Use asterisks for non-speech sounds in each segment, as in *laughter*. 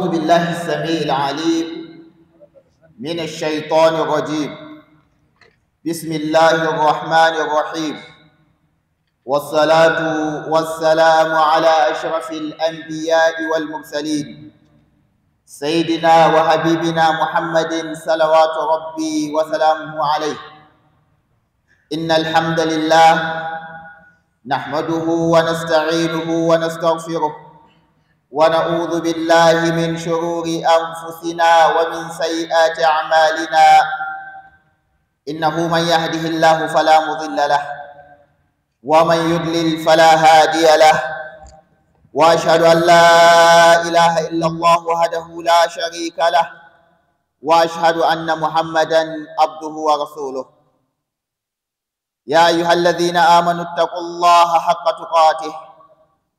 أعوذ بالله السميع العليم من الشيطان الرجيم بسم الله الرحمن الرحيم والصلاة والسلام على أشرف الأنبياء والمرسلين سيدنا وحبيبنا محمد صلوات ربي وسلامه عليه إن الحمد لله نحمده ونستعينه ونستغفره ونعوذ بالله من شرور أنفسنا ومن سيئات أعمالنا إنه من يهده الله فلا مضل له ومن يضلل فلا هادي له وأشهد أن لا إله إلا الله وحده لا شريك له وأشهد أن محمدا عبده ورسوله يا أيها الذين آمنوا اتقوا الله حق تقاته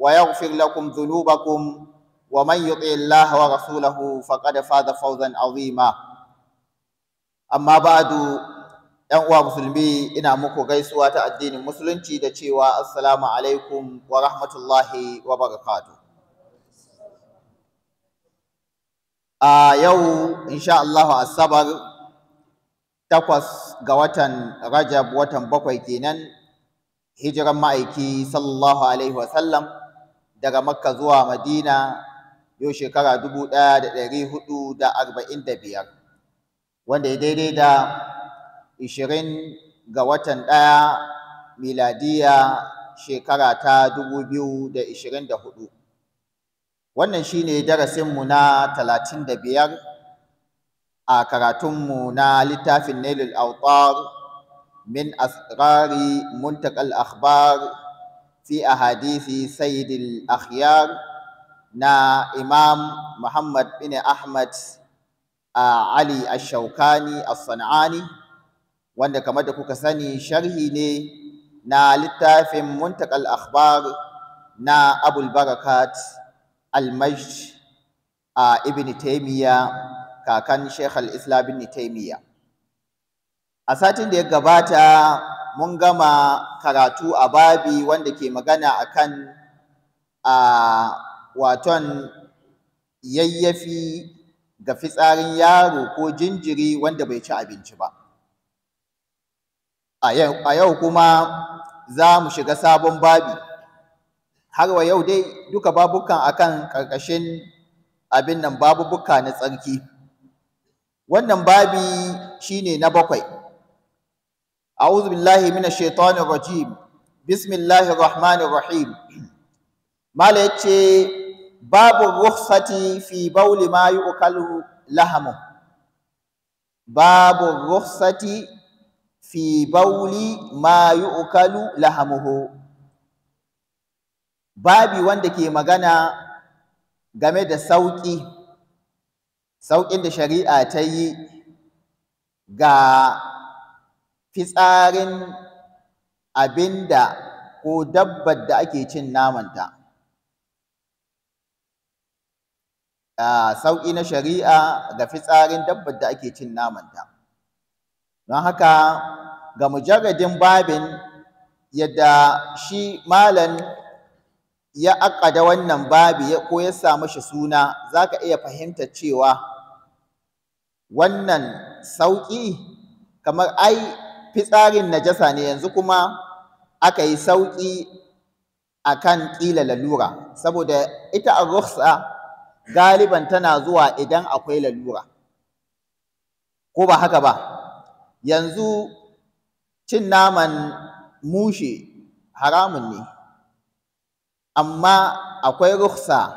ويغفر لكم ذنوبكم ومن يطع الله ورسوله فقد فاز فوزا عظيما أما بعد ‘yan uwa musulmi ina muku gaisuwa ta addinin musulunci da cewa assalamu alaikum wa rahmatullahi wa barakatu. A yau, insha Allahu Asabar, takwas ga watan Rajab watan bakwai kenan, hijiran ma'aiki sallallahu alaihi wasallam, daga Makka zuwa Madina yau shekara dubu ɗaya da ɗari hudu da arba'in da biyar wanda ya daidai da ishirin ga watan ɗaya miladiya shekara ta dubu biyu da ishirin da hudu wannan shine darasinmu na talatin da biyar a karatunmu na littafin nailul autar min asirari, muntakal akhbar fi hadisi, sayyidil akhyar na imam muhammad bin ahmad a ali Ashaukani as-sanani wanda kamar da kuka sani sharhi ne na littafin muntakal akhbar na abul barakat al-majd ibn taymiya kakan sheikh al-islam ibn taymiya a satin da ya gabata mun gama karatu a babi wanda ke magana akan a waton yayyafi ga fitsarin yaro ko jinjiri wanda bai ci abinci ba a yau kuma za mu shiga sabon babi har wa yau dai duka babukan akan ƙarƙashin abin nan babubuka na tsarki wannan babi ne na bakwai أعوذ بالله من الشيطان الرجيم بسم الله الرحمن الرحيم مالك باب الرخصة في بول ما يؤكل لحمه باب الرخصة في بول ما يؤكل لحمه babi wanda ke magana game da sauƙi sauƙin da shari'a ta yi ga fitsarin abinda ko dabbar da ake cin namanta sauƙi na shari'a ga fitsarin dabbar da ake cin namanta don haka ga mujarradin babin yadda shi malam ya aƙada wannan babi ko ya sa shi suna za ka iya fahimta cewa wannan sauƙi kamar ai fitsarin najasa ne yanzu kuma aka yi sauƙi a kan ƙila lalura saboda ita a ruksa galiban tana zuwa idan akwai lalura ko ba haka ba yanzu cin naman mushe haramun ne amma akwai ruksa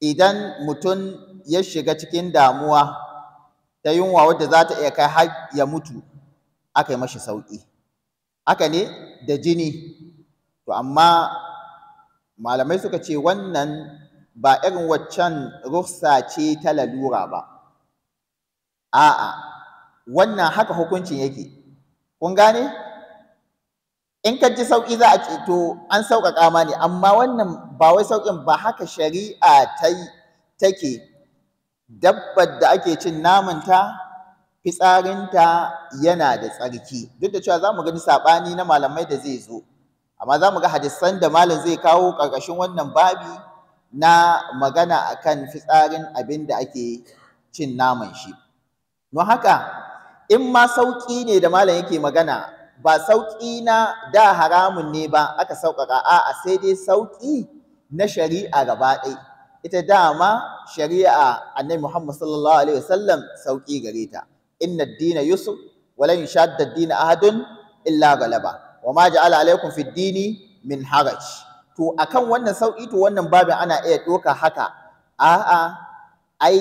idan mutum ya shiga cikin damuwa ta yunwa wadda za ta iya kai har ya mutu aka yi mashi sauƙi Aka ne da jini to amma malamai suka ce wannan ba irin waccan ruksa ce ta lalura ba a'a wannan haka hukuncin yake kun gane in ka ji sauƙi za a ce to an sauƙaƙa ma ne amma wannan ba wai sauƙin ba haka shari'a ta take dabbar da ake cin naman ta. fitsarinta yana da tsarki duk da cewa za mu gani saɓani na malamai da zai zo amma za mu ga hadisan da malam zai kawo ƙarƙashin wannan babi na magana a kan fitsarin abin da ake cin naman shi don haka in ma sauƙi ne da malam yake magana ba sauƙi na da haramun ne ba aka sauƙaƙa a sai dai sauƙi na shari'a gaba ɗai ita dama shari'a annabi Muhammad sallallahu alaihi wasallam sauƙi gare ta inna ad-dina Yusuf wa lan yushadda ad-dina ahadun illa galaba wa ma ja'ala alaikum fi dini min haraj to akan wannan sauki to wannan babin ana iya doka haka a'a ai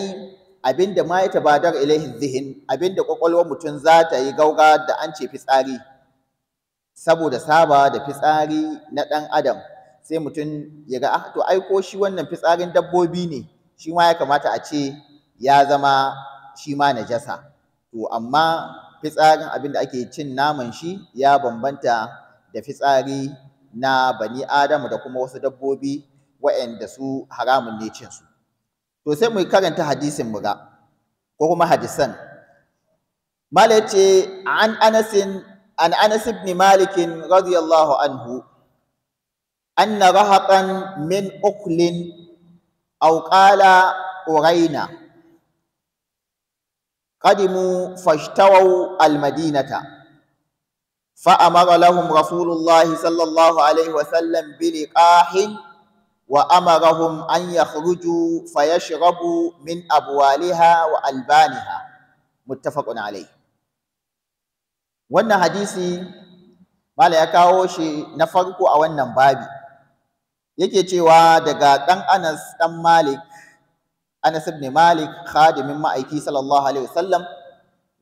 abinda ma ya tabadar ilaihin zihin abinda kwakwalwar mutum za ta yi gauga da an ce fitsari saboda saba da fitsari na ɗan adam sai mutum ya ga ah, to ai ko shi wannan fitsarin dabbobi ne shi ma ya kamata a ce ya zama shi ma najasa to amma fitsarin abin da ake cin naman shi ya bambanta da fitsari na bani adamu da kuma wasu dabbobi waɗanda su haramun ne cin su to sai mu karanta hadisin mu ga ko kuma hadisan mala ce an Anas an Anas ibn Malik radiyallahu anhu anna rahaqan min uklin aw qala uraina قدموا فاشتروا المدينة فأمر لهم رسول الله صلى الله عليه وسلم بلقاح وأمرهم أن يخرجوا فيشربوا من أبوالها وألبانها متفق عليه wannan hadisi mala ya kawo shi na farko a wannan babi yake cewa daga ɗan anas ɗan malik Anas ibn Malik khadimin ma'aiki sallallahu alaihi wasallam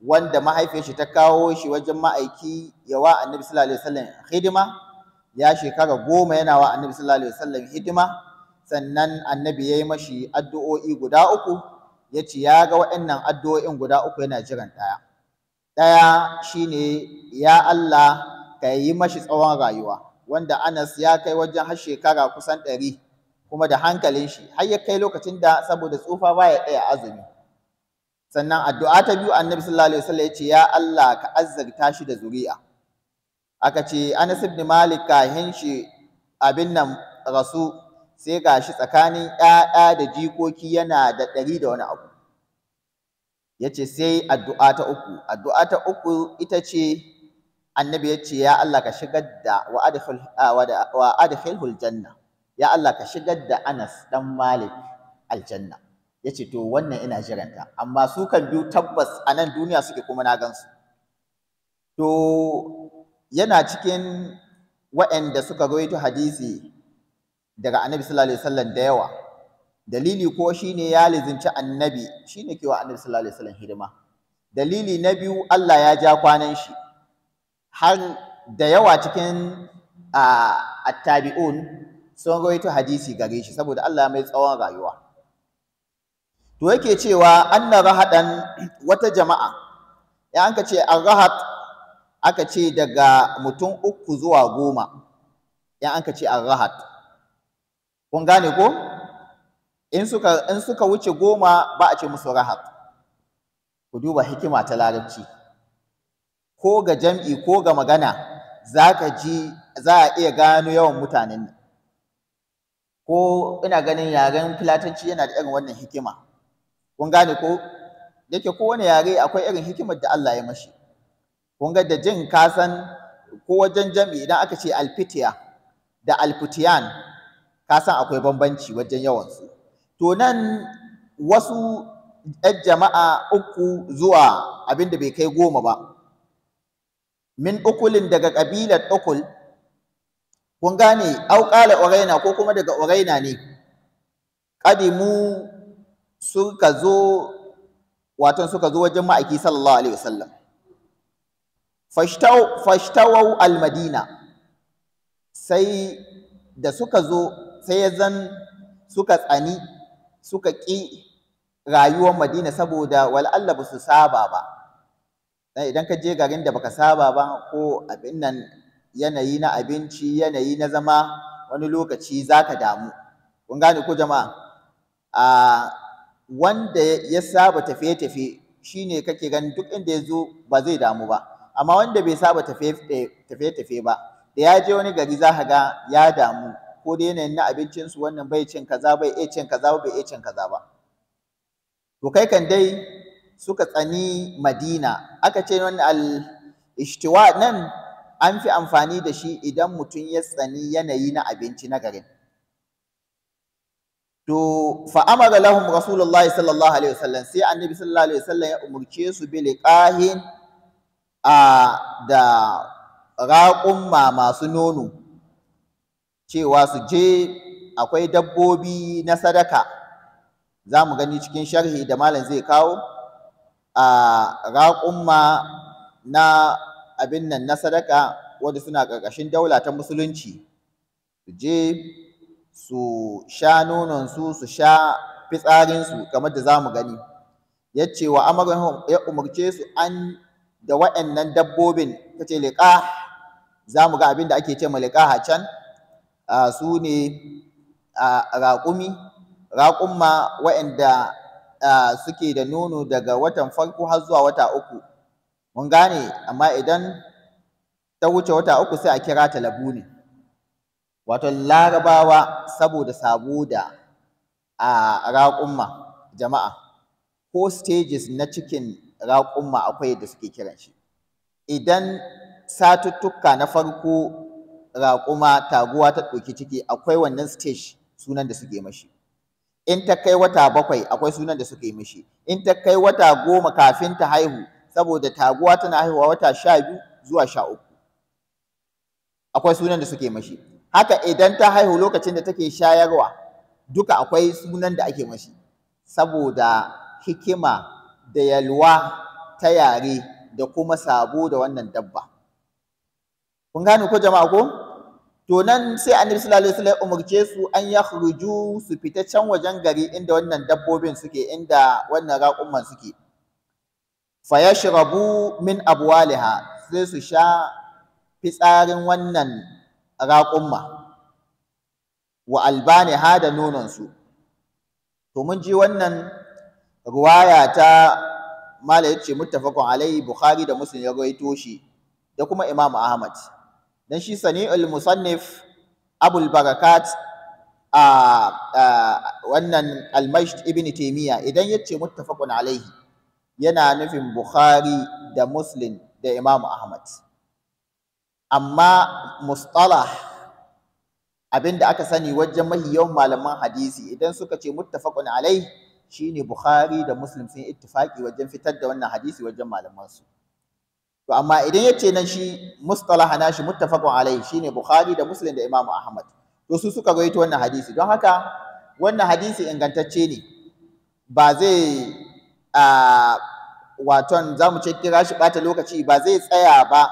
wanda mahaifiyar ta kawo shi wajen ma'aiki yawa annabi sallallahu alaihi wasallam hidima ya shekara goma yana wa annabi sallallahu alaihi wasallam hidima sannan annabi yayi mashi addu'o'i guda uku yace ya ga waɗannan addu'o'in guda uku yana jiran ɗaya ɗaya shine ya Allah ka yi mashi tsawon rayuwa wanda Anas ya kai wajen har shekara kusan ɗari kuma da hankalin shi har ya kai lokacin da saboda tsufa baya ɗaya azumi sannan addu'a ta biyu annabi sallallahu alaihi wasallam yace ya Allah ka azzarta shi da zuri'a aka ce Anas ibn Malik ka shi abin nan rasu sai ga shi tsakanin ƴaƴa da jikoki yana da ɗari da wani abu yace sai addu'a ta uku addu'a ta uku ita ce annabi yace ya Allah ka shigar da wa adkhilhul janna ya Allah ka shigar da Anas dan Malik aljanna yace to wannan ina jiranta amma su kan biyu tabbas a nan duniya suke kuma na gansu to yana cikin waɗanda suka rawaito hadisi daga Annabi sallallahu alaihi wasallam da yawa dalili ko shine ya lizinci annabi shine kewa Annabi sallallahu alaihi wasallam hidima dalili na biyu Allah ya ja kwanan shi har da yawa cikin ah, attabi'un sun rawaito hadisi gare shi saboda Allah mai tsawon rayuwa to yake cewa an na rahadan wata jama'a ya an ka ce an arrahat aka ce daga mutum uku zuwa goma ya an ka ce an arrahat kun gane ko in suka in suka wuce goma ba a ce musu rahat ku duba hikima ta larabci ko ga jam'i ko ga magana za ka ji za a iya gano yawan mutanen nan ko ina ganin yaren filatanci yana da irin wannan hikima kun gane ko da yake kowane yare akwai irin hikimar da Allah ya mashi kun ga da jin kasan ko wajen jami idan aka ce alfitiya da alfitiyan kasan akwai bambanci wajen yawansu to nan wasu ɗan jama'a uku zuwa abinda bai kai goma ba min ukulin daga ƙabilar ukul kun gane auƙala oraina ko kuma daga oraina ne ƙadimu suka zo waton suka zo wajen ma'aiki sallallahu alaihi wasallam fashtawau almadina sai da suka zo sai ya zan suka tsani suka ƙi rayuwar madina saboda wal'alla ba su saba ba idan ka je garin da baka saba ba ko abin nan yanayi na abinci yanayi na zama wani lokaci za ka damu kun gane ko jama'a wanda ya saba tafiye-tafiye shine kake gani duk inda ya zo ba zai damu ba amma wanda bai saba tafiye-tafiye ba da ya je wani gari za ka ga ya damu ko da yanayin na abincinsu wannan bai cin kaza bai iya cin kaza bai iya cin kaza ba to kai kan dai suka tsani madina aka ce wani al nan an fi amfani da shi idan mutum ya tsani yanayi na abinci na garin to fa’amara lahun lahum rasulullahi sallallahu alaihi wasallam sai annabi sallallahu alaihi wasallam ya umurce su bile ƙahin da raƙumma masu nono cewa su je akwai dabbobi na sadaka za mu gani cikin sharhi da malam zai kawo a raƙumma na abin nan na sadaka wanda suna ƙarƙashin daula ta musulunci su je su sha nononsu su sha fitsarinsu kamar da za mu gani ya ce wa ya umarce su an da waɗannan dabbobin ta ce liƙa za mu ga abin da ake ce ma liƙa can su ne raƙumi raƙumma waɗanda suke da nono daga watan farko har zuwa wata uku mun gane amma idan ta wuce wata uku sai a kira ta labuni wato larabawa saboda sabo da a raƙumma jama'a ko stages na cikin raƙumma akwai da suke kiran shi idan satuttuka na farko raƙuma taguwa ta ɗauki ciki akwai wannan stage sunan da suke mashi in ta kai wata bakwai akwai sunan da suke mashi in ta kai wata goma kafin ta haihu saboda taguwa tana haihuwa wata sha biyu zuwa sha uku akwai sunan da suke mashi haka idan ta haihu lokacin da take shayarwa duka akwai sunan da ake mashi saboda hikima da yalwa ta yare da kuma sabo da wannan dabba kun gane ko jama'a ko to nan sai annabi sallallahu alaihi wasallam umarce su an yakhruju su fita can wajen gari inda wannan dabbobin suke inda wannan raƙumman suke fayashrabu min abwaliha sai su sha fitsarin wannan raƙumma wa albaniha da nononsu to mun ji wannan ruwaya ta mala ce muttafaqun alaihi bukhari da muslim ya rawaito shi da kuma imamu ahmad dan shi sani'ul musannif abul barakat a wannan almasht ibn taymiya idan yace muttafaqun alaihi yana nufin Bukhari da Muslim da Imam Ahmad. Amma mustalah abin da aka sani wajen mahi malaman hadisi idan suka ce muttafaqun alai shine Bukhari da Muslim sun ittifaki wajen fitar da wannan hadisi wajen malaman su. To amma idan yace nan shi mustalah na shi muttafaqun alai shine Bukhari da Muslim da Imam Ahmad. To su suka gaito wannan hadisi don haka wannan hadisi ingantacce ne ba zai waton za mu ce kira shi bata lokaci ba zai tsaya ba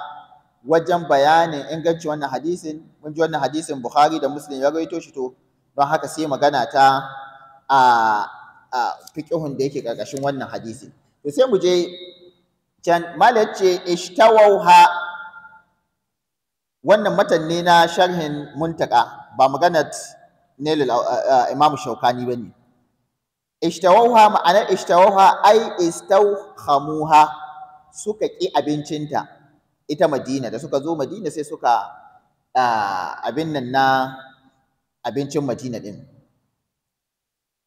wajen bayanin inganci wannan hadisin mun ji wannan hadisin Bukhari da Muslim ya rawaito shi to don haka sai magana ta a a da yake karkashin wannan hadisi to sai mu je can malai ce ha wannan matanni na sharhin muntaka ba maganar Nailul imamu Shaukani ne. ishtawauha ma'anar ishtawauha ai istawhamuha suka ƙi abincinta ita madina da suka zo madina sai suka abin nan na abincin madina ɗin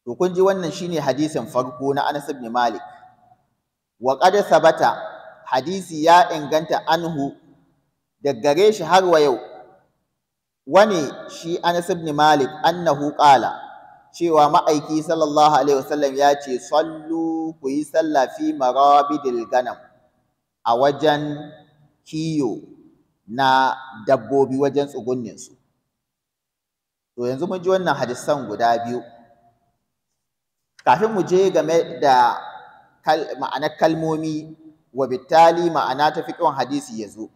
to kun ji wannan shine hadisin farko na Anas ibn Malik wa qad sabata hadisi ya inganta anhu da gare shi har wa yau wani shi Anas ibn Malik annahu qala cewa ma'aiki sallallahu alaihi wasallam ya ce sallu ku yi sallah fi marabidil ganam a wajen kiyo na dabbobi wajen su to yanzu mun ji wannan hadisan guda biyu kafin mu je game da ma'anar kalmomi wa Bitali ma'ana ta hadisi ya zo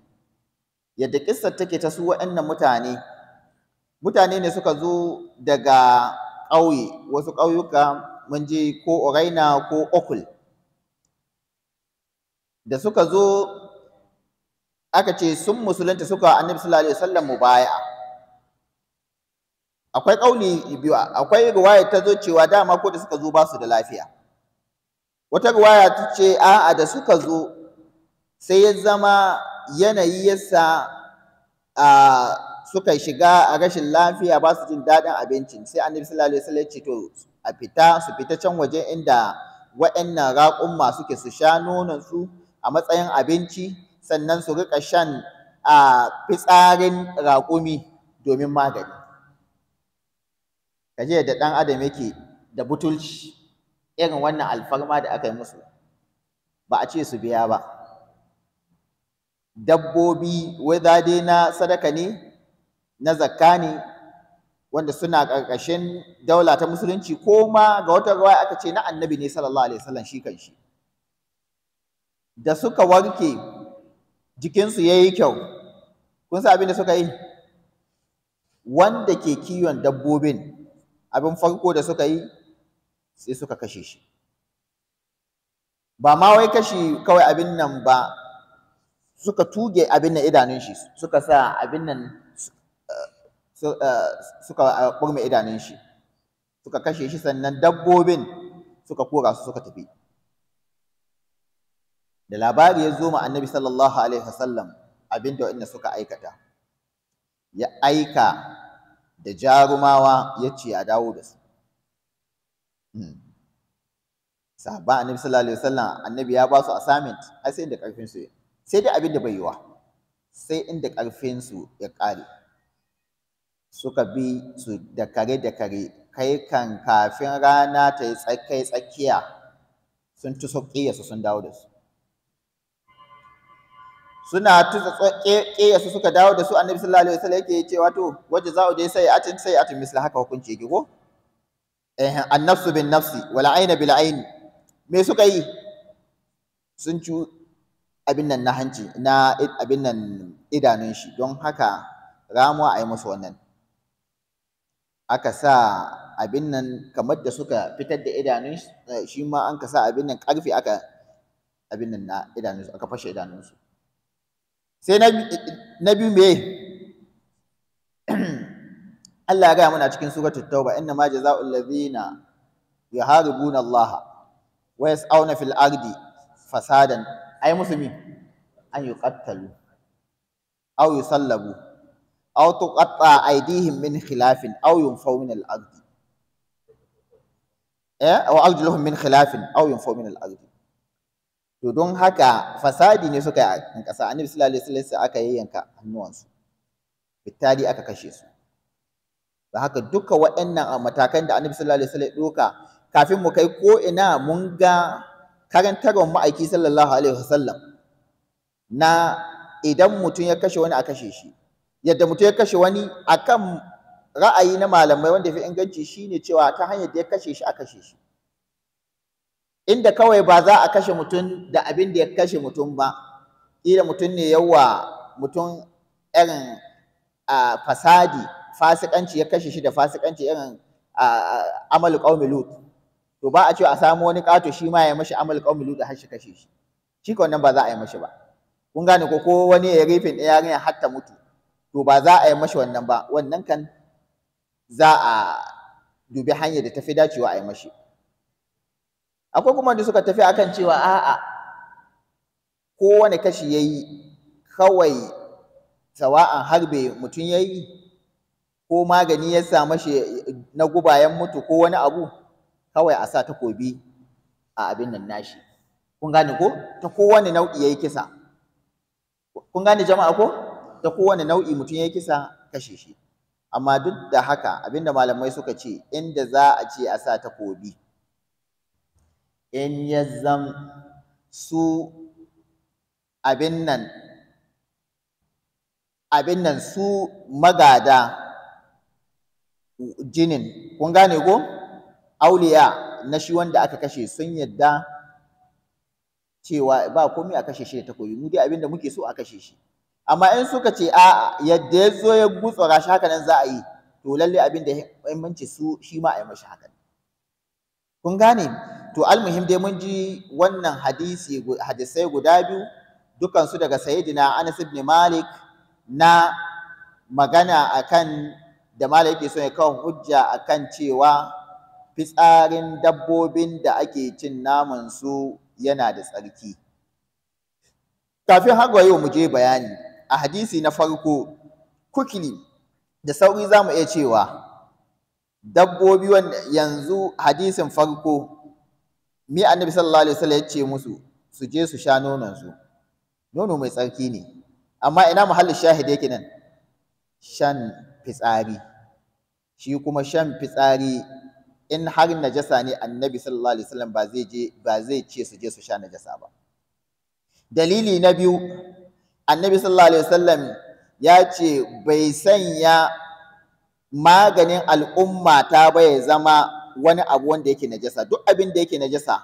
yadda kissar take ta su waɗannan mutane mutane ne suka zo daga ƙauye wasu ƙauyuka mun je ko Oraina ko Okul da suka zo aka ce sun musulunta suka annabi sallallahu alaihi wasallam mubaya akwai kauli biyu akwai ruwaya ta zo cewa dama ko da suka zo ba su da lafiya wata ruwaya ta ce a'a da suka zo sai ya zama yanayi yasa a ah, suka shiga a rashin lafiya ba su jin daɗin abincin sai annabi sallallahu alaihi wasallam ce to a fita su fita can waje inda waɗannan raƙumma suke su sha nonon su a matsayin abinci sannan su rika shan a fitsarin raƙumi domin magani kaje da ɗan adam yake da butulci irin wannan alfarma da aka yi musu ba a ce su biya ba dabbobi wai dai na sadaka ne na zakkani, wanda suna ƙarƙashin daula ta musulunci ko ma ga wata ruwa aka ce na annabi ne sallallahu alaihi wasallam shi kan da suka warke jikinsu ya yi kyau kun san abin da suka yi wanda ke kiwon dabbobin abin farko da suka yi sai suka kashe shi ba ma wai kashi kawai abin nan ba suka tuge abin nan idanun shi suka sa abin nan Eh, suka burme eh, idanun shi suka kashe shi sannan dabbobin suka kora su suka tafi da labari ya zo ma annabi sallallahu alaihi wasallam abinda wa'inda suka aikata ya aika da jarumawa ya ce a dawo da su hmm. sahabban annabi sallallahu alaihi wasallam annabi ya ba su assignment ai sai inda karfin su sai dai abin da bai yiwa sai inda karfin su ya kare suka bi su da kare da kare kai kan kafin rana ta yi tsakai tsakiya sun ci su sun dawo da su suna tusa ƙiyarsu suka dawo da su annabi sallallahu alaihi wasallam yake cewa to waje za'u je sai atin sai atin misla haka hukunci yake ko eh annafsu bin nafsi wal ayna bil ayn me suka yi sun ci abin nan na hanci na abin nan idanun shi don haka ramuwa ayi musu wannan aka sa abin nan kamar da suka fitar da idanun shi eh, ma an ka sa abin nan karfi aka abin nan na idanun aka fashe idanun su sai na biyu me *clears throat* Allah ya gaya muna cikin suratul tauba inna ma jazaa'ul ladzina yuharibuna Allah wa yas'auna fil ardi fasadan ay musulmi an yuqattalu aw yusallabu aw tuqatta aydihim min khilafin aw yunfaw min al-ard eh aw arjuluhum min khilafin aw yunfaw min al-ard to don haka fasadi ne suka yi a ƙasa annabi sallallahu alaihi wasallam aka yayyanka hannuwansu bittali aka kashe su da haka duka waɗannan matakan da annabi sallallahu alaihi wasallam doka kafin mu kai ko ina mun ga karantarwar ma'aiki sallallahu alaihi wasallam na idan mutum ya kashe wani a kashe shi yadda mutum ya kashe wani akan ra'ayi na malamai wanda fi inganci shine cewa ta hanyar da ya kashe shi a kashe shi inda kawai ba za a kashe mutum da abin da ya kashe mutum ba ƙila mutum ne yawa mutum irin a fasadi fasikanci ya kashe shi da fasikanci irin amal qaumi lut to ba a ce a samu wani kato shi ma ya mashi amal qaumi lut har shi kashe shi shi ka wannan ba za a yi mashi ba kun gane ko ko wani ya rifin ɗaya yarinya har ta mutu to ba za a yi mashi wannan ba wannan kan za a dubi hanyar da ta fi dacewa a yi mashi akwai kuma da suka tafi akan cewa a'a kowane kashi ya yi kawai sawa'an harbe mutum ya yi ko magani ya sa mashi na gubayen mutu ko wani abu kawai a sa takobi a abin nan nashi kun gane ko ta kowane nau'i ya yi kisa kun gane jama'a ko ta kowane nau'i mutum ya kisa kashe shi amma duk da haka abinda malamai suka ce inda za a ce a sa takobi in ya zam su abin nan su magada jinin kun gane ko auliya na shi wanda aka kashe sun yadda cewa ba komai a kashe shi da takobi mu dai abinda da muke so a kashe shi amma in suka ce a yadda ya zo ya gutsura shi haka nan za a yi to lalle abin da muhimmanci su shi ma a yi mashi haka kun gane to almuhim dai mun ji wannan hadisi hadisai guda biyu dukan su daga sayyidina Anas ibn Malik na magana akan da Malik yake so ya kawo hujja akan cewa fitsarin dabbobin da ake cin naman su yana da tsarki kafin hagwayo mu je bayani a hadisi na farko quickly da sauri za mu iya cewa dabbobi yanzu hadisin farko mi annabi sallallahu alaihi wasallam ya ce musu su je su sha nonon su nono mai tsarki ne amma ina muhallin shahida yake nan shan fitsari shi kuma shan fitsari in har najasa ne annabi sallallahu alaihi wasallam ba zai je ba zai ce su je su sha najasa ba dalili na biyu annabi sallallahu alaihi wasallam ya ce bai sanya maganin al'umma ta ba ya zama wani abu wanda yake najasa duk abin da yake najasa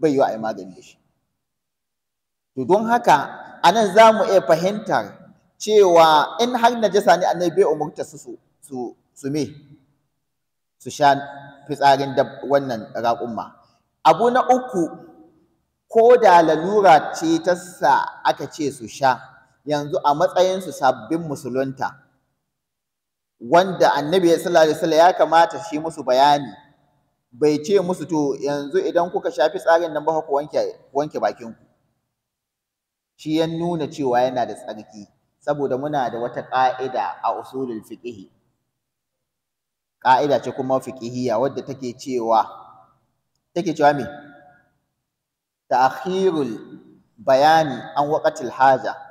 bai yi wa ai magani da shi to don haka anan za mu iya fahimtar cewa in har najasa ne annabi bai umurta su su su me su sha fitsarin da wannan raƙumma abu na uku ko da lalura ce ta sa aka ce su sha yanzu a matsayinsu sabbin musulunta wanda annabi ya sallallahu alaihi wasallam ya kamata shi musu bayani bai ce musu to yanzu idan kuka shafi tsarin nan ba ku wanke wanke bakin ku shi ya nuna cewa yana da tsarki saboda muna da wata ƙa'ida a usulul fiqh ƙa'ida ce kuma fiqhiyya wadda take cewa take cewa me ta'khirul bayani an waqatil haja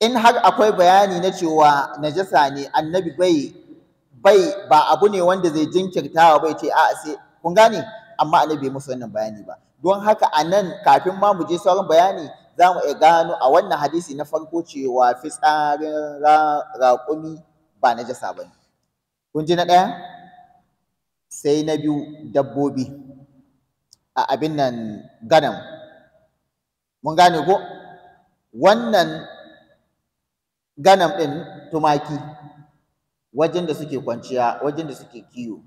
in har akwai bayani na cewa najasa ne annabi bai ba abu ne wanda zai jinkirtawa bai ce a'a sai kun gane amma annabi musu wannan bayani ba don haka a nan kafin ma mu je sauran bayani za mu iya gano a wannan hadisi na farko cewa fitsarin raƙumi ba najasa ba ne kun ji na ɗaya sai na biyu dabbobi a abin nan ganam mun gane ko wannan ganam ɗin tumaki wajen da suke kwanciya wajen da suke kiyo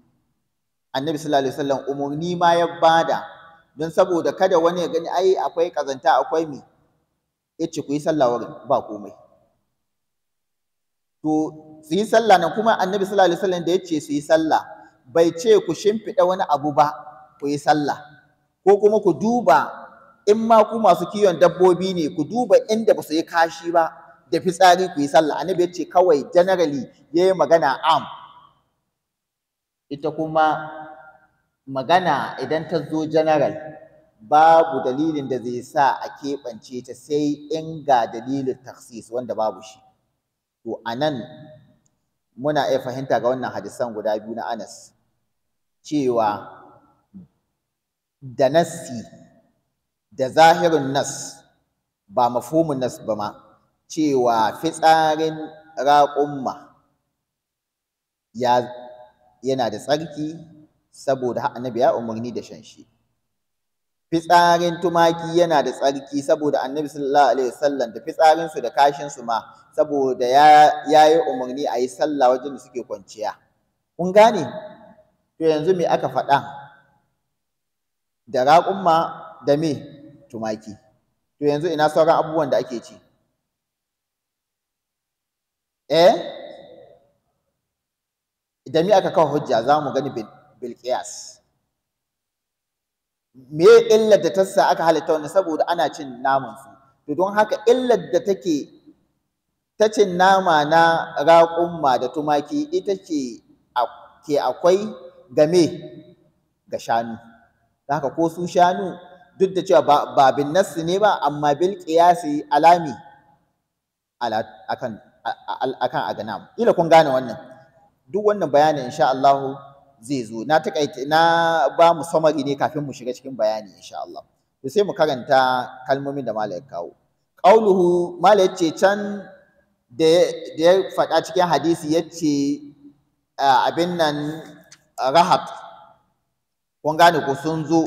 annabi sallallahu alaihi wasallam umarni ma ya bada don saboda kada wani ya gani ai akwai kazanta akwai mi yace ku yi sallah wurin ba komai to su yi sallah nan kuma annabi sallallahu alaihi wasallam da yace su yi sallah bai ce ku shimfiɗa wani abu ba ku yi sallah ko kuma ku duba in ma ku masu kiwon dabbobi ne ku duba inda ba su yi kashi ba da fitsari ku yi sallah annabi ya ce kawai generally ya yi magana am ita kuma magana idan ta zo general babu dalilin da zai sa a keɓance ta sai in ga dalilin taksis wanda babu shi to a nan muna iya fahimta ga wannan hadisan guda biyu na Anas cewa da nassi da zahirin nas ba mafhumin nas ba ma cewa fitsarin raƙumma ya yana da tsarki saboda annabi ya umarni da shan shi fitsarin tumaki yana da tsarki saboda annabi sallallahu alaihi wasallam da fitsarinsu da kashinsu ma saboda ya yi umarni a yi sallah wajen da suke kwanciya kun gane to yanzu me aka faɗa da raƙumma da me tumaki to yanzu ina sauran abubuwan da ake ci eh idan mi aka kawo hujja za mu gani bil qiyas me illar da ta sa aka halitta wannan saboda ana cin naman su to don haka illar da take ta cin nama na raƙumma da tumaki ita ce ke akwai game ga shanu Da haka ko su shanu duk da cewa ba bin nassi ne ba amma bil qiyasi alami akan akan aganam ila kun gane wannan duk wannan bayanin insha Allah zai zo na takaita na ba mu samari ne kafin mu shiga cikin bayani insha Allah to sai mu karanta kalmomin da malai kawo qauluhu malai ce can da ya faɗa cikin hadisi yace abin nan rahab kun gane ko sun zo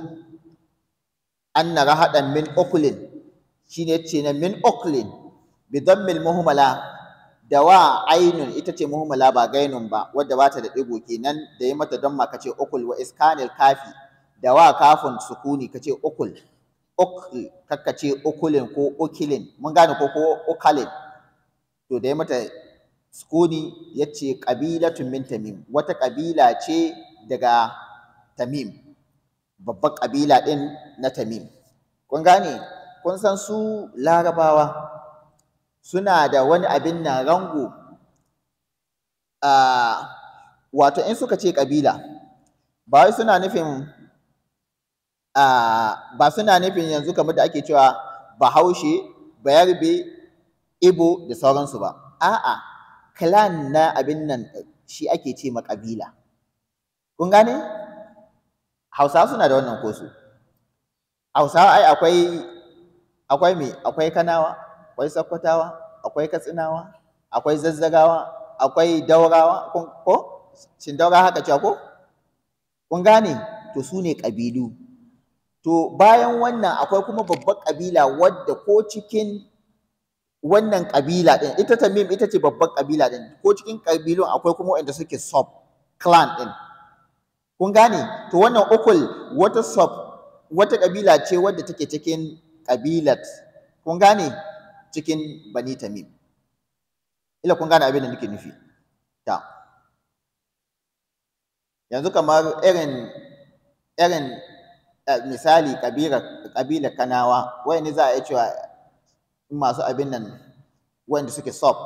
anna rahadan min uklin ne ce na min uklin bi mil muhmala da wa ainun ita ce muhmala ba gainun ba wadda ba ta da ɗigo kenan da yi mata damma kace ukul wa iskanil kafi da wa kafin sukuni kace ukul kakka ce ukulin ko ukilin mun gane ko ko ukalin to da yi mata sukuni ya yace kabilatun min tamim wata kabila ce daga tamim babbar ƙabila ɗin na Tamim. Kun gane, kun san su larabawa suna da wani abin na rango, wato in suka ce ƙabila, ba suna nufin ba suna nufin yanzu kamar da ake cewa bahaushe, bayarbe, ibo da sauransu ba. A'a, clan na abin nan shi ake ce ma ƙabila. Kun gane? hausawa suna da wannan kosu hausawa ai akwai akwai me akwai kanawa akwai sakkwatawa akwai katsinawa akwai zazzagawa akwai daurawa ko shin daura haka cewa ko kun gane to su ne ƙabilu to bayan wannan akwai kuma babbar ƙabila wadda ko cikin wannan ƙabila ɗin ita tamim ita ce babbar ƙabila ɗin ko cikin ƙabilun akwai kuma waɗanda suke sub clan ɗin kun gane to wannan ukul wata sub wata kabila ce wadda take cikin kabilat kun gane cikin bani tamim ila kun gane abin da nake nufi ta yanzu kamar irin irin eh, misali kabila kanawa wai ne za a yi cewa masu abin nan wanda suke sub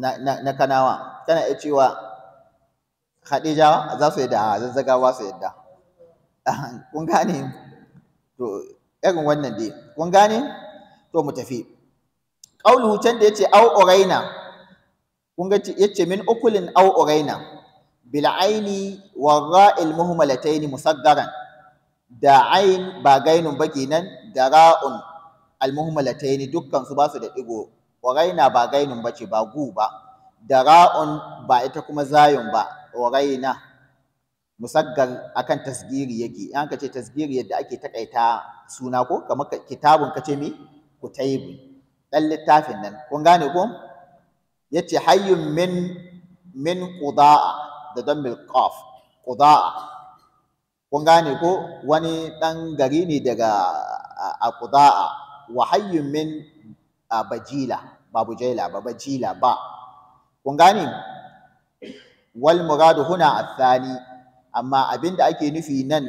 na, na, na kanawa kana iya cewa Khadija za su yadda a zazzagawa su yadda *laughs* kun gane to irin wannan dai kun gane to mu tafi Ƙaulu can da yace au uraina kun ga yace min ukulin au uraina bil'aini wa ra'il muhimmalatai muhmalataini musaddaran da ain ba gainun ba kenan da ra'un almuhimmalatai ni dukkan su ba su da digo uraina ba gainun bace ba gu ba da ra'un ba ita kuma zayun ba uraina musaggar akan tasgiri yake in ka ce tasgiri yadda ake takaita suna ko kamar kitabun ka ce me kutaibu dan littafin nan kun gane ko yace hayyun min min qudaa da dammil qaf qudaa kun gane ko wani dan gari ne daga a qudaa wa hayyun min bajila ba bujaila ba bajila ba kun gane wal muradu huna athani amma abin da ake nufi nan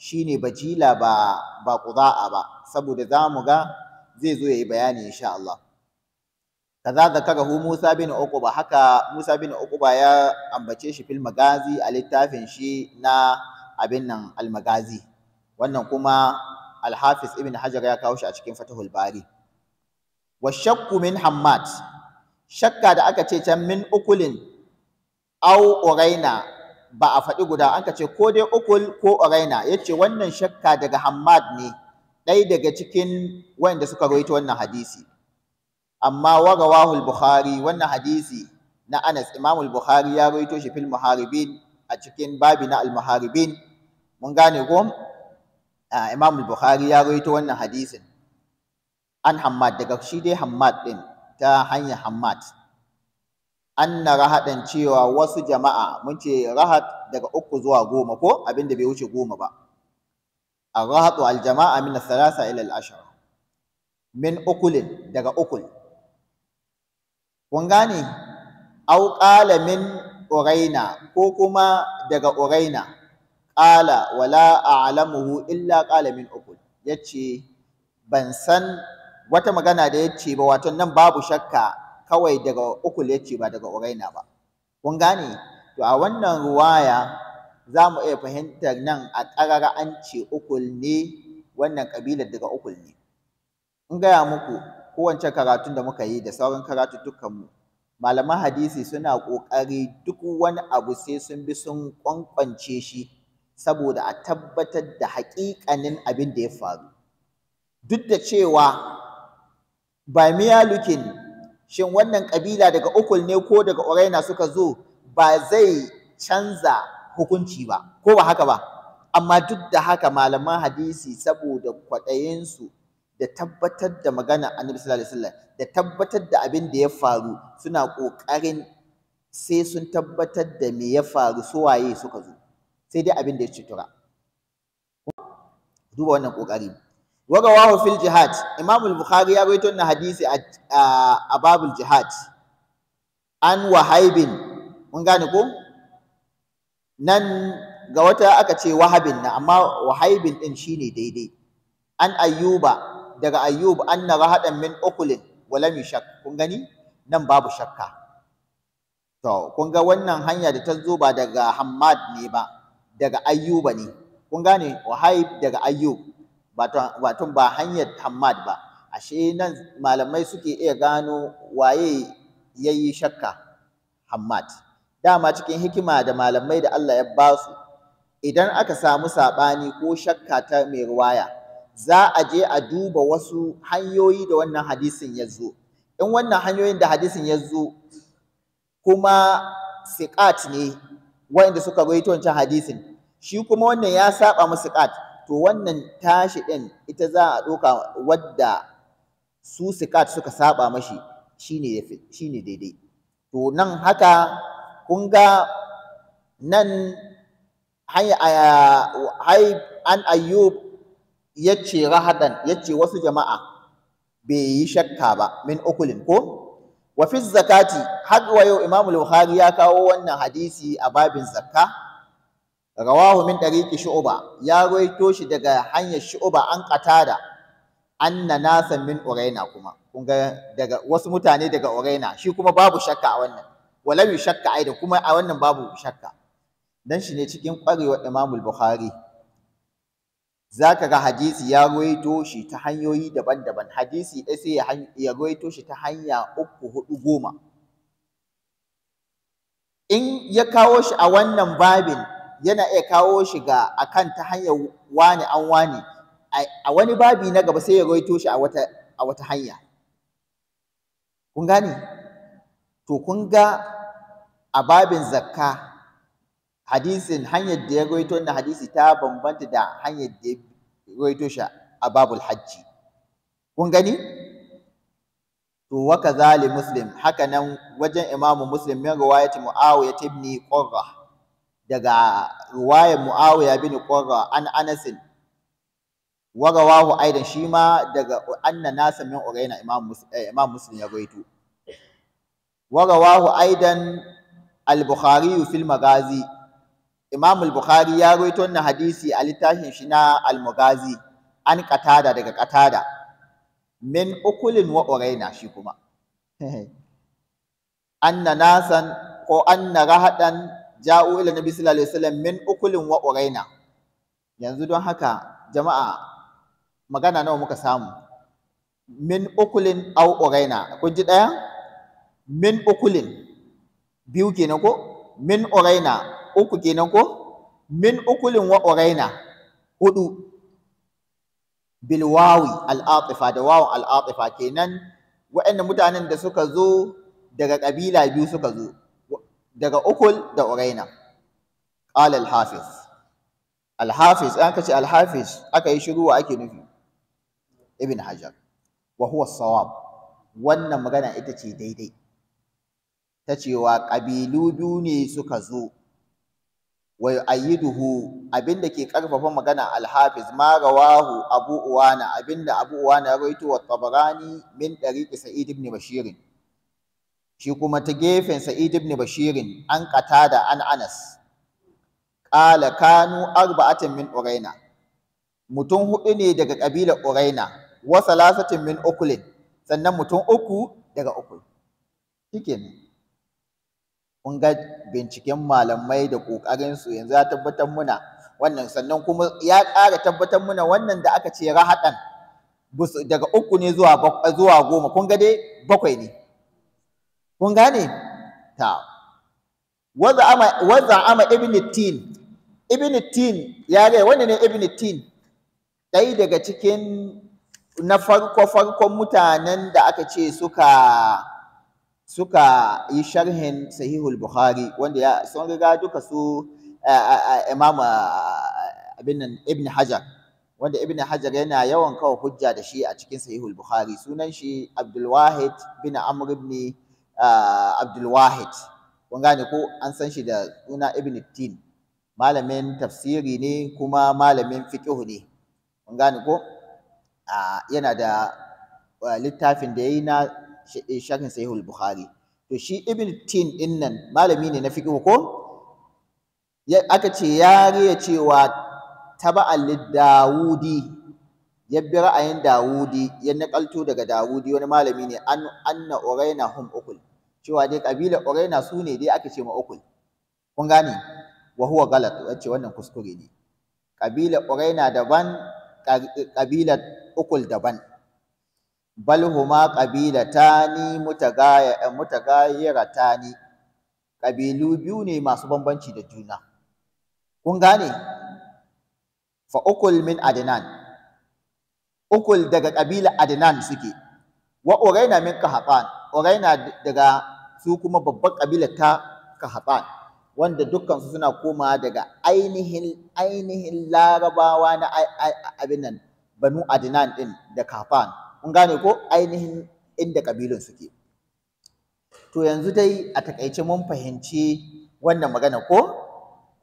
shine bajila ba ba quda'a ba saboda za mu ga zai zo yayi bayani insha Allah kaza zakarahu Musa bin Uqba haka Musa bin Uqba ya ambace shi fil magazi a littafin shi na abin nan al magazi wannan kuma al hafiz ibn Hajar ya kawo shi a cikin Fathul Bari wa shakku min hammad shakka da aka ce can min ukulin au uraina ba a faɗi guda an ka ce ko dai ukul ko uraina ya ce wannan shakka daga hammad ne ɗaya daga cikin wanda suka rawaito wannan hadisi amma wa rawahu bukhari wannan hadisi na Anas Imam bukhari ya rawaito shi fil muharibin a cikin babi na al mun gane ko Imam bukhari ya rawaito wannan hadisin an Hammad daga shi dai Hammad ɗin ta hanyar Hammad anna rahadan cewa wasu jama'a mun ce rahat daga uku zuwa goma ko abinda bai wuce goma ba Rahadu aljama'a min na thalatha ila al-ashara min ukulin daga ukul kun gane au qala min uraina ko kuma daga uraina qala wala a'lamuhu illa qala min ukul yace ban san wata magana da yace ba wato nan babu shakka kawai daga ukul yace ba daga uraina ba kun gane to a wannan ruwaya za mu iya fahimtar nan a ƙarara an ce ukul ne wannan ƙabilar daga ukul ne in gaya muku kowace karatun da muka yi da sauran dukkanmu, malaman hadisi suna ƙoƙari duk wani abu sai sun bi sun ƙwanƙwance shi saboda a tabbatar da haƙiƙanin abin da ya faru duk da cewa ba miya lukin shin wannan ƙabila daga ukul ne ko daga oraina suka zo ba zai canza hukunci ba ko ba haka ba amma duk da haka malaman hadisi saboda kwaɗayinsu da tabbatar da magana annabi sallallahu alaihi wasallam da tabbatar da abin da ya faru suna ƙoƙarin sai sun tabbatar da me ya faru su waye suka zo sai dai abin da ya cutura. tura duba wannan ƙoƙari wagawahu fil jihad imam al-bukhari ya rawaito na hadisi a babul jihad an wahaibin mun gane ko nan ga wata aka ce wahabin na amma wahaibin din shine daidai an ayyuba daga ayyub anna rahadan min ukulin walam yashak kun gani nan babu shakka to kun ga wannan hanya da ta zo ba daga hammad ne ba daga ayyuba ne kun gane Wahaib daga ayyub wato ba hanyar Hammad ba ashe nan malamai suke iya gano waye yayi shakka Hammad dama cikin hikima da malamai da Allah ya ba su idan aka samu saɓani ko shakka ta mai ruwaya za a je a duba wasu hanyoyi da wannan hadisin ya zo in wannan hanyoyin da hadisin ya zo kuma sikat ne wanda suka rawaito wancan hadisin shi kuma wannan ya saba mu siƙat to wannan tashi ɗin ita za a ɗauka wadda su sikat suka saba mashi shine daidai to nan haka kun ga nan an ayyub ya rahadan ya wasu jama'a bai yi shakka ba min ukulin ko Wafis zakati har wa yau imamul bukhari ya kawo wannan hadisi a babin zakka rawahu min dariqi shu'ba ya roito shi daga hanyar shu'ba an qatada anna nasan min uraina kuma kun daga wasu mutane daga uraina shi kuma babu shakka a wannan walau shakka ai da kuma a wannan babu shakka dan shi ne cikin kwarewar Imam Bukhari zaka ga hadisi ya roito shi ta hanyoyi daban-daban hadisi ɗaya sai ya roito shi ta hanya uku hudu goma in ya kawo shi a wannan babin yana iya kawo shi ga kan ta hanyar wani an wani a wani babi na gaba sai ya rawaito shi a wata hanya kun gane to kun ga a babin zakka hadisin hanyar da ya rawaito wannan hadisi ta bambanta da hanyar da ya rawaito shi a babul hajji kun gani to waka zali muslim haka nan wajen imamu muslim min riwayati muawiya ibn qurra daga ruwayar Muawiya bin Qurra an Anas wa rawahu aidan shi ma daga anna nasa min Uraina Imam eh, Imam Muslim ya rawaito wa rawahu aidan al-Bukhari fil Magazi Imam al-Bukhari ya rawaito wannan hadisi a littafin shi na al-Magazi an qatada daga qatada min ukulin wa Uraina shi kuma *laughs* anna nasan ko anna rahadan ja'u ila nabi sallallahu alaihi wasallam min ukulin wa uraina yanzu don haka jama'a magana nawa muka samu min ukulin au uraina kun ji daya min ukulin biyu kenan ko min uraina uku kenan ko min ukulin wa uraina hudu bil wawi al atifa da wawan al atifa kenan wa'annan mutanen da suka zo daga kabila biyu suka zo daga ukul da uraina qala al-hafiz al-hafiz an kace al-hafiz aka yi shiru wa ake nufi ibn hajar wa huwa sawab wannan magana ita ce daidai ta cewa ƙabilu biyu ne suka zo wa yu'ayyiduhu abinda ke karfafa magana al-hafiz ma rawahu abu uwana abinda abu uwana ya rawaito wa tabarani min dariqi sa'id ibn bashir shi kuma ta gefen Sa'id ibn Bashirin an da an Anas qala kanu arba'atan min Uraina mutum hudu ne daga kabilar Uraina wa salasatin min Ukulin sannan mutum uku daga Ukul shikenan kun ga binciken malamai da kokarin su yanzu ya tabbatar muna wannan sannan kuma ya ƙara tabbatar muna wannan da aka ce rahaɗan daga uku ne zuwa zuwa goma kun ga dai bakwai ne kun gane ta Wanda ama wadda ibn tin ibn tin ya ga wanda ne ibn tin dai daga cikin na farko farkon mutanen da aka ce suka suka yi sharhin sahihul bukhari wanda ya sun riga duka su imam Ibn ibn hajar wanda ibn hajar yana yawan kawo hujja da shi a cikin sahihul bukhari sunan shi abdul wahid bin amr ibn Ah, Wahid kun gane ko an san shi da suna Ibn Tin malamin tafsiri ne kuma malamin fiqh ne kun gane ko ah, yana da ah, littafin da yayi na eh, shakin Sahihul Bukhari to shi Ibn Tin din nan malami ne na fiqh ko aka ce ya riya cewa taba'al lidawudi ya bi ra'ayin Dawudi ya nakalto daga Dawudi wani malami ne an anna uraina hum ukul cewa dai kabila Uraina su ne dai ake ce ma kun gane wa huwa galat ce wannan kuskure ne kabila Uraina daban kabila ukul daban bal huma mutagayyara mutagaya ni. kabilu biyu ne masu bambanci da juna kun gane fa ukul min adinan, ukul daga kabila adinan suke wa uraina min haƙa. Uraina daga su kuma babbar ƙabila ta Kahatan wanda dukkansu suna koma daga ainihin ainihin larabawa na abin nan banu adnan ɗin da kafan kun gane ko ainihin inda ƙabilun suke to yanzu dai a takaice mun fahimci wannan magana ko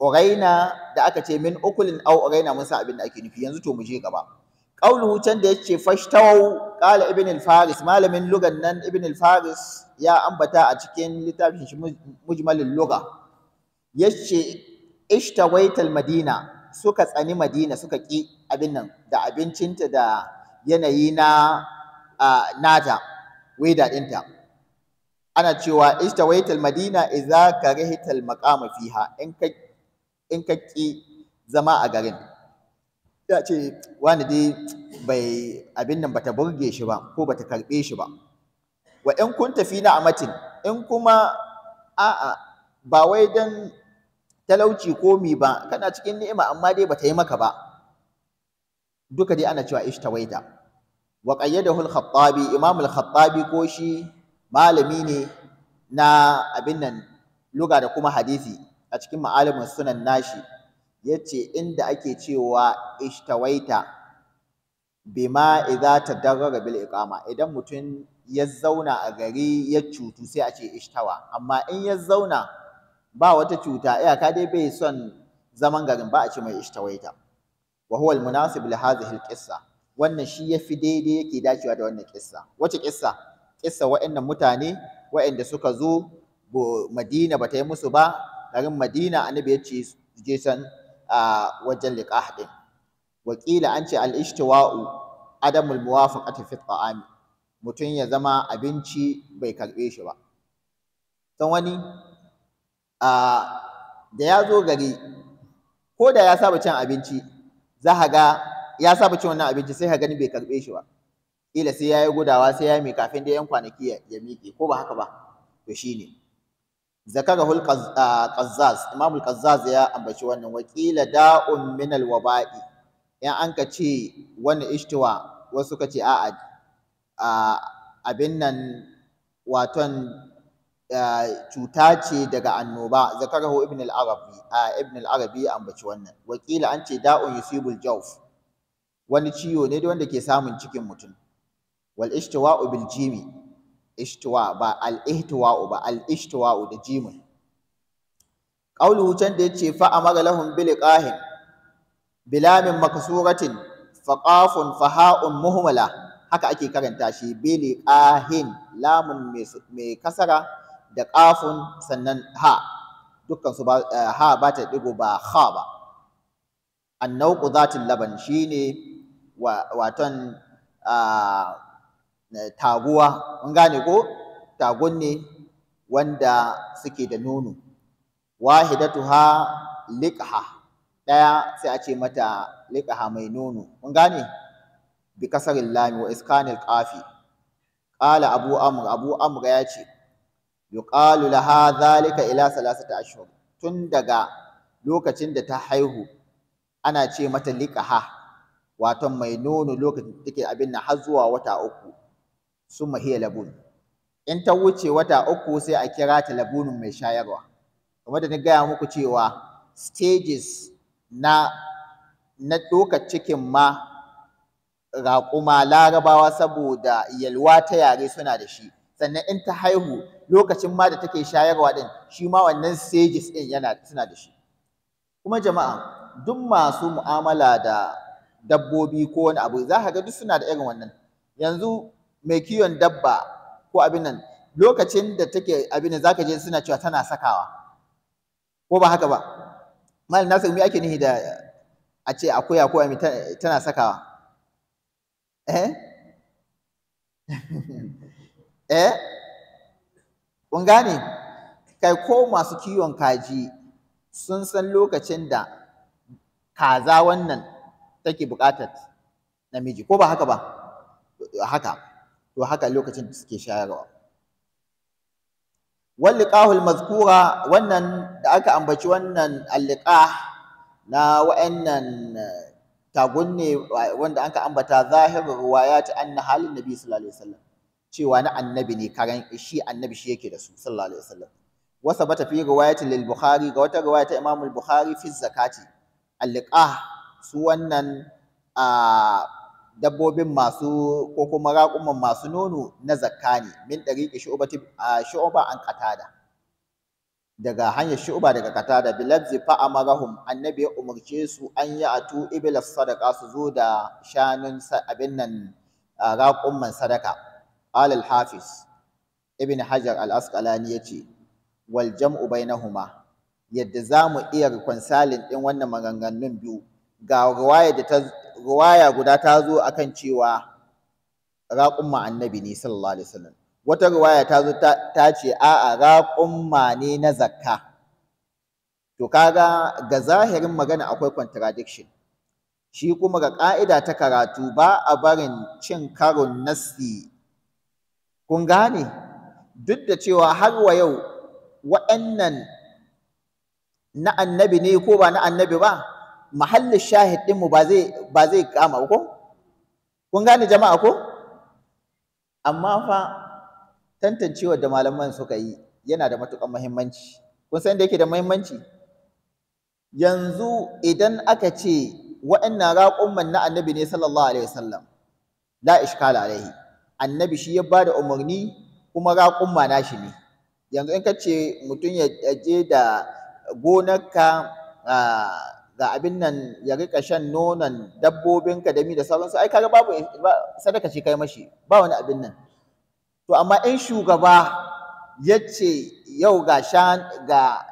uraina da aka ce min ukulin au uraina mun sa abin da ake nufi yanzu to mu je gaba Ƙaulu can da ce fashtawau ƙala ibn al-faris malamin lugan nan ibn al-faris ya ambata a cikin littafin shi mujmalin luga ce, Ishtawaitar madina suka tsani madina suka ƙi abin nan da abincinta da yanayi na nata weda ɗinta ana cewa Ishtawaitar madina idza ka maƙama fiha in in ka ƙi zama a garin ya ce wani dai bai abin nan bata burge shi ba ko bata karɓe shi ba wa in kun tafi na amatin in kuma a'a ba wai dan talauci ko mi ba kana cikin ni'ima amma dai bata yi maka ba duka dai ana cewa ishtawaita wa qayyadahu al-khattabi imam al-khattabi ko shi malami ne na abin nan luga da kuma hadisi a cikin ma'alimin sunan nashi yace inda ake cewa ishtawaita bima idza tadarraga bil iqama idan mutum ya zauna a gari ya cutu sai a ce ishtawa amma in ya zauna ba wata cuta iyaka dai bai son zaman garin ba a ce mai ishtawaita wa huwa al munasib li hadhihi al qissa wannan shi yafi daidai yake dacewa da wannan kissa wace kissa kissa wa'annan mutane wa'anda suka zo Madina bata yi musu ba garin Madina annabi ya ce je san a wajen liƙa ɗin wakila an ce al-ishtiwa'u adamul muwafaqati fi ta'ami mutum ya zama abinci bai karbe shi ba Don wani da ya zo gari ko da ya saba cin abinci za ka ga ya saba cin wannan abinci sai ka gani bai karɓe shi ba kila sai ya yi gudawa sai ya yi mai kafin da yan kwanaki ya miƙe ko ba haka ba to shi ne Zakarahul al-qazzaz ah, imamu qazzaz ya ambaci wannan wakila da'un min alwaba'i wabai in an ka ce wani ishtiwa wasu ka ce a'a ah, abin nan waton ah, cuta ce daga annoba zakarahu ibn al-arabi ibn al-arabi ambaci wannan wakila an ce da'un yusibul jawf wani ciwo ne da wanda ke samun cikin mutum wal ishtiwa'u bil jimi ishtiwa ba al ihtiwa ba al da jimin qawluhu can da yace fa amara lahum bil qahin bilamin makasuratin fa qafun fa ha'un muhmala haka ake karanta shi bil qahin lamun mai kasara da qafun sannan ha dukkan su eh, ha ba ta digo ba ha ba annauqu zatil laban shine waton ah, Eh, taguwa mun gane ko tagun ne wanda suke da nono ha liqha daya sai a ce mata liqha mai nono mun gane bi kasarin lami wa iskanil qafi qala abu amr abu amr ya ce yuqalu laha zalika ila salasata ashhur tun daga lokacin da ta haihu ana ce mata liqha wato mai nono lokacin da take abin nan har zuwa wata uku summa hiya labun in ta wuce wata uku sai a kira ta labunin mai shayarwa Kuma da na gaya muku cewa stages na na cikin ma raƙuma larabawa saboda yalwa ta yare suna da shi sannan in ta haihu lokacin ma da take shayarwa ɗin shi ma wannan stages ɗin yana suna da shi kuma jama'a duk masu mu'amala da dabbobi ko wani abu za ka ga duk suna da irin wannan yanzu mai kiwon dabba ko abin nan lokacin da take abin nan zaka je suna cewa tana sakawa ko ba haka ba mal nasu me ake nihi da a ce ko akwai tana sakawa eh *laughs* eh kun gane kai ko masu kiwon kaji sun san lokacin da kaza wannan take buƙatar namiji ko ba haka ba haka to haka lokacin da suke shayarwa walliqahul mazkura wannan da aka ambaci wannan alliqah na wa'annan eh, tagunne wanda aka ambata zahirin riwayat anna halin nabi sallallahu alaihi wasallam cewa na annabi ne karan shi annabi shi yake da su sallallahu alaihi wasallam wasa sabata fi riwayat lil bukhari ga wata riwaya imam al bukhari fi zakati al su wannan a ah, dabbobin masu ko kuma raƙuman masu nono na zakka ne min A Shuba an qatada daga hanyar shu'uba daga qatada bilabzi fa amarahum annabi ya umarce su an yi atu ibilas sadaka su zo da shanun abin nan raƙuman sadaka alal hafiz ibn hajar al-asqalani yace wal jam'u bainahuma yadda zamu iya reconciling ɗin wannan maganganun biyu ga riwaya da ta ruwaya guda ta zo kan cewa raƙumma annabi ne sallallahu alaihi wasallam wata ruwaya ta zo ta ce a'a raƙumma ne na zakka to kaga ga zahirin magana akwai contradiction shi kuma ga ƙa'ida ta karatu ba a barin cin karon nasi kun gane duk da cewa har wa yau waɗannan na annabi ne ko ba na annabi ba mahallin shahid ɗinmu ba zai kama ko kun gane jama'a ko amma fa tantancewa da malaman suka yi yana da matuƙar muhimmanci kun san da yake da muhimmanci yanzu idan aka ce waɗannan raƙumman na annabi ne sallallahu alaihi wasallam la ishkala alaihi annabi shi ya ba da umarni kuma raƙumma shi ne yanzu in ka ce mutum ya je da gonarka ah, ga abin nan ya rika shan nonon ka da mi da sauransu ai kaga babu sadaka ce kai mashi ba wani abin nan to amma in shugaba ya ce yau ga shan ga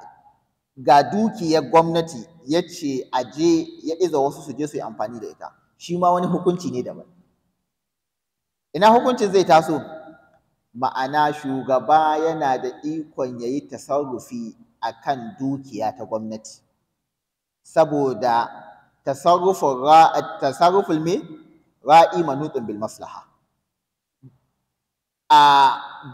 ga dukiyar gwamnati ya ce a je ya iza wasu su je su yi amfani da ita shi ma wani hukunci ne daban ina hukuncin zai taso ma'ana shugaba yana da ikon ya yi tasarrufi akan dukiya ta gwamnati saboda tasarrufin ra'a tasarrufin me ra'i manutun bil maslaha a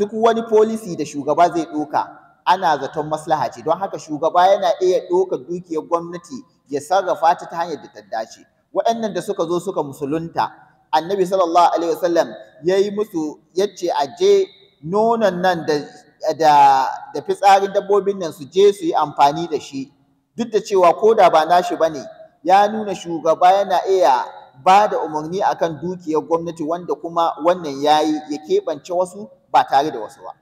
duk wani policy da shugaba zai doka, ana zaton maslaha ce don haka shugaba yana iya doka dukiyar gwamnati ya sarrafa ta ta hanyar da ta dace waɗannan da suka zo suka musulunta annabi sallallahu alaihi wasallam ya musu ya ce a je nonon nan da da fitsarin dabbobin nan su je su yi amfani da shi duk da cewa ko da ba nashi ba ne ya nuna shugaba yana iya ba da umarni a kan dukiyar gwamnati wanda kuma wannan ya yi ya keɓance wasu ba tare da wasu ba.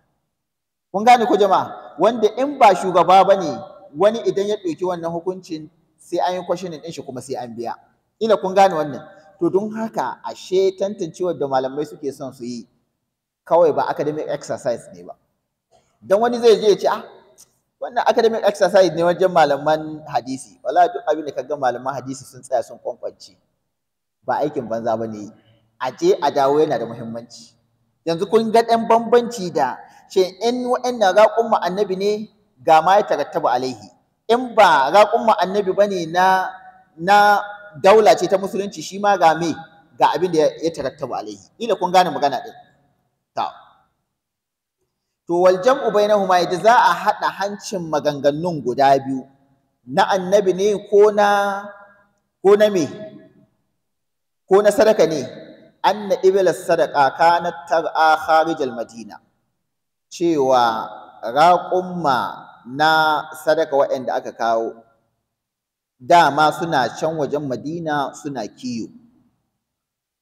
Kun gane ku jama'a wanda in ba shugaba ba ne wani idan ya ɗauki wannan hukuncin sai an yi kwashinin ɗin shi kuma sai an biya. Ina kun gane wannan. To don haka ashe tantancewar da malamai suke son su yi kawai ba academic exercise ne ba. Don wani zai je ya ce a? Ah, wannan academic exercise ne wajen malaman hadisi wala duk abin da kaga malaman hadisi sun tsaya sun kwankwance ba aikin banza ba ne a a dawo yana da muhimmanci yanzu kun ga ɗan bambanci da ce in na raƙun annabi ne ga ma ya tarattaba alaihi in ba raƙun annabi ba ne na na daula ce ta musulunci shi ma ga me ga abin da ya tarattaba alaihi ila kun gane magana ɗin ta to wal jam'u bainahuma yadda za a haɗa hancin maganganun guda biyu na annabi ne ko na ko na me ko na sadaka ne anna sadaka kanat tar'a kharijal madina cewa raƙumma na sadaka waɗanda aka kawo dama suna can wajen madina suna kiyo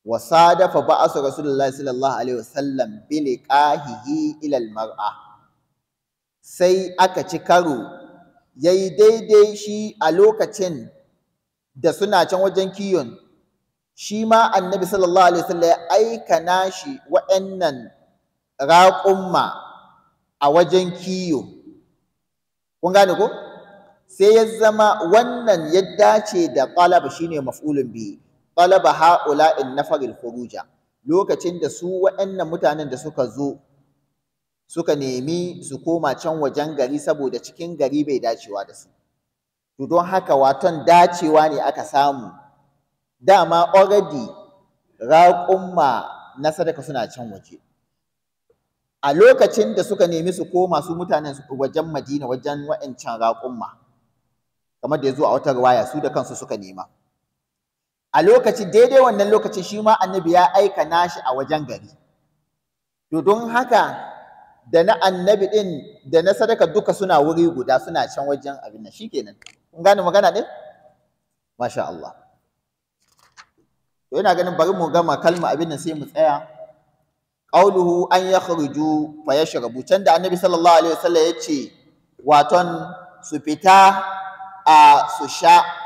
wa sadafa ba'asu rasulullahi sallallahu alaihi wasallam bi liqahihi ila mar'a sai aka ci karo yayi daidai shi a lokacin da suna can wajen kiyon shi ma annabi sallallahu alaihi wasallam ya aika nashi waɗannan raƙumma a wajen kiyo kun gane ko sai ya zama wannan ya dace da qalab shine maf'ulun bihi talaba in nafaril furuja lokacin da su waɗannan mutanen da suka zo suka nemi su koma can wajen gari saboda cikin gari bai dacewa da su to don haka waton dacewa ne aka samu dama already raƙumma na sadaka suna can waje a lokacin da suka nemi su koma su mutanen wajen madina wajen wa'ancan raƙumma kamar da ya zo a wata riwaya su da kansu suka nema a lokaci daidai wannan lokaci shi ma annabi ya aika nashi a wajen gari to don haka da na annabi ɗin da na sadaka duka suna wuri guda suna can wajen abin nan shikenan kun gane magana din masha Allah to ina ganin bari mu gama kalma abin nan sai mu tsaya qauluhu an yakhruju fa yashrabu can da annabi sallallahu alaihi wasallam yace waton su fita a su sha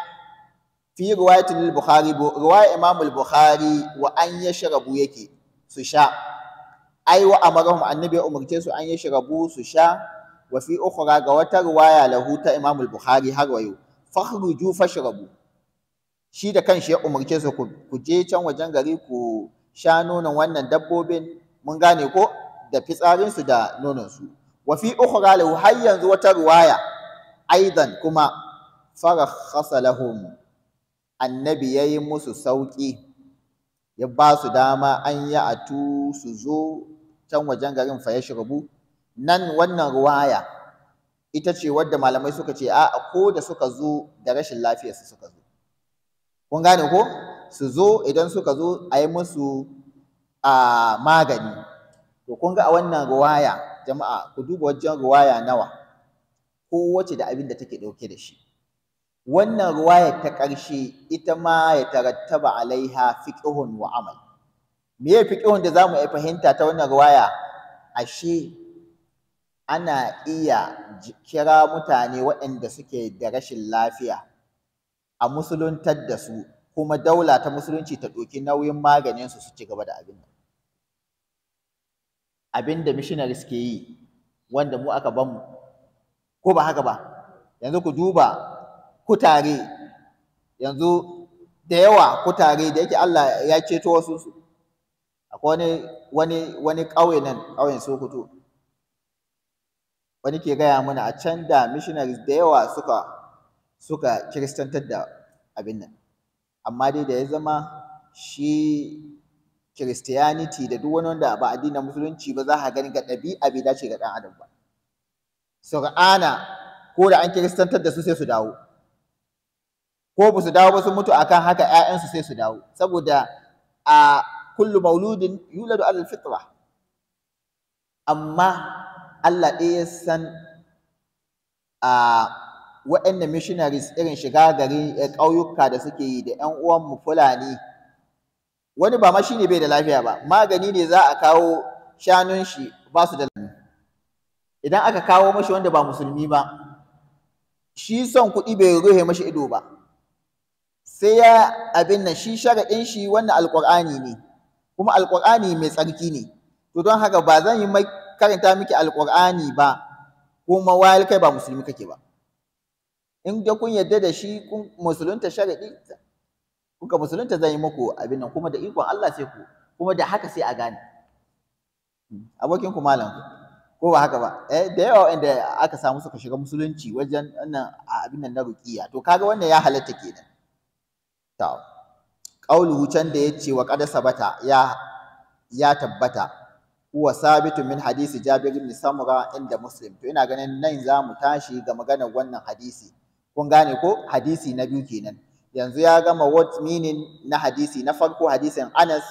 fi riwayatul bukhari riwaya imam al-bukhari wa an yashrabu yake su sha ai wa amarahum annabi ya umarce su an yashrabu su sha wa fi ukhra ga wata riwaya lahu ta imam al-bukhari har wayo fakhruju fashrabu shi da kanshi ya umarce su ku je can wajen gari ku sha nonon wannan dabbobin mun gane ko da fitsarin su da nonon su wa fi ukhra lahu har yanzu wata riwaya aidan kuma farakhasa lahum annabi ya yi musu sauƙi ya ba su dama an yi tu su zo can wajen garin fa ya shirbu nan wannan ruwaya ita ce wadda malamai suka ce a ko da suka zo da rashin lafiya su suka zo kun gane ko su zo idan suka zo a yi musu a magani to kun ga a wannan ruwaya jama'a ku duba wajen ruwaya nawa ko wacce da abin da take ɗauke da shi wannan ruwaya ta ƙarshe ita ma ya tarattaba alaiha fiqhun wa amal me ya fiqhun da zamu iya fahimta ta wannan ruwaya ashe ana iya kira mutane waɗanda suke da rashin lafiya a musuluntar da su kuma daula ta musulunci ta ɗauki nauyin maganin su ci gaba da abin abin da missionaries suke yi wanda mu aka ban ko ba haka ba yanzu ku duba kutare yanzu da yawa kutare da yake Allah ya ceto wasu akwai wani wani ƙauye nan ƙauyen Sokoto wani ke gaya mana a can da missionaries da yawa suka suka kiristantar da abin nan amma dai da ya zama shi Christianity da duk wani wanda ba addinin musulunci ba za ka gani ga ɗabi'a bai dace ga ɗan adam ba. Sur'ana ko da an kiristantar da su sai su dawo. ko ba su dawo ba sun mutu akan haka ‘ya'yansu sai su dawo saboda a kullu mauludin yuladu alal fitra amma Allah ɗaya ya san a waɗanda missionaries irin shiga gari eh, ƙauyuka da suke yi da ‘yan uwanmu Fulani, wani ba ma shine bai da lafiya ba, magani ne za a kawo shanun shi ba su da lafiya. Idan aka kawo mashi wanda ba musulmi ba, shi son kuɗi bai ruhe mashi ido ba, sai ya abin nan shi sharaɗin shi wannan alƙur'ani ne kuma alƙur'ani mai tsarki ne to don haka ba zan yi karanta miki alƙur'ani ba kuma wayar kai ba musulmi kake ba in da kun yarda da shi kun musulunta kun kuka musulunta zan yi muku abin nan kuma da ikon Allah sai ku kuma da haka sai a gane abokin ku malam ko ba haka ba eh da yawa inda aka samu suka shiga musulunci wajen wannan abin nan na ruqiya to kaga wannan ya halatta kenan ta qauluhu can da ce wa qad sabata ya ya tabbata huwa sabitu min hadisi Jabir ibn Samura inda Muslim to ina ganin nan za mu tashi ga maganar wannan hadisi kun gane ko hadisi na biyu kenan yanzu ya gama what meaning na hadisi na farko hadisin Anas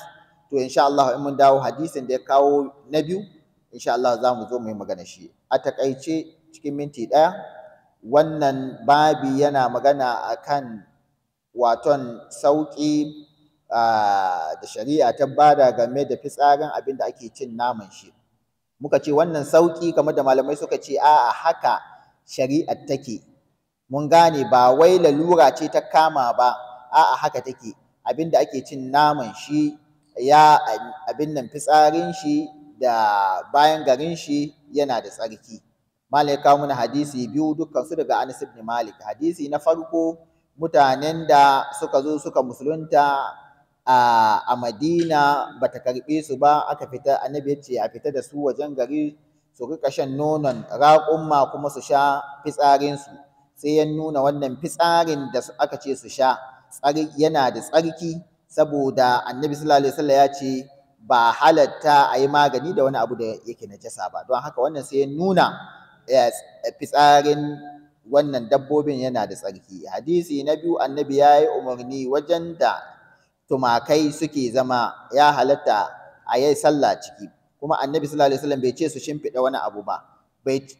to insha Allah in mun dawo hadisin da ya kawo na biyu insha Allah za mu zo mu yi magana shi a takaice cikin minti ɗaya wannan babi yana magana akan waton sauƙi ah, da shari'a ta bada game da fitsarin abin da ake cin naman shi muka ce wannan sauƙi kamar da malamai suka ce a'a haka shari'ar take mun gane ba wai lalura ce ta kama ba a'a haka take abin da ake cin naman shi ya abin nan fitsarin shi da bayan garin shi yana da tsarki Malik ya kawo mana hadisi biyu dukkan su daga Anas ibn Malik. Hadisi na farko mutanen da suka zo suka musulunta a, Madina Madina bata karɓe su ba aka fita annabi ya ce a fita da su wajen gari su rika shan nonon raƙumma kuma su sha fitsarinsu sai ya nuna wannan fitsarin da aka ce su sha yana da tsarki saboda annabi sallallahu alaihi wasallam ya ce ba halatta a yi magani da wani abu da yake najasa ba don haka wannan sai ya nuna fitsarin wannan dabbobin yana da tsarki hadisi na biyu annabi ya yi umarni wajen da tumakai suke zama ya halatta a yi sallah ciki kuma annabi sallallahu alaihi wasallam bai ce su shimfiɗa wani abu ba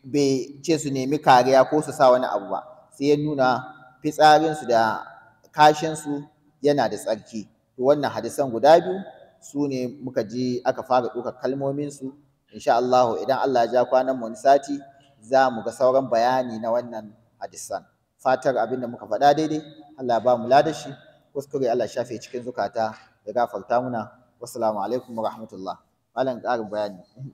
bai ce su nemi kariya ko su sa wani abu ba sai ya nuna fitsarinsu da kashinsu yana da tsarki to wannan hadisan guda biyu su ne muka ji aka fara ɗaukar kalmominsu insha Allah idan Allah ya ja kwanan mu sati za mu ga sauran bayani na wannan hadisan fatar abin da muka faɗa daidai Allah ba mu ladashi kuskure Allah shafe cikin zukata ya gafarta muna wassalamu alaikum wa rahmatullah malam ƙarin bayani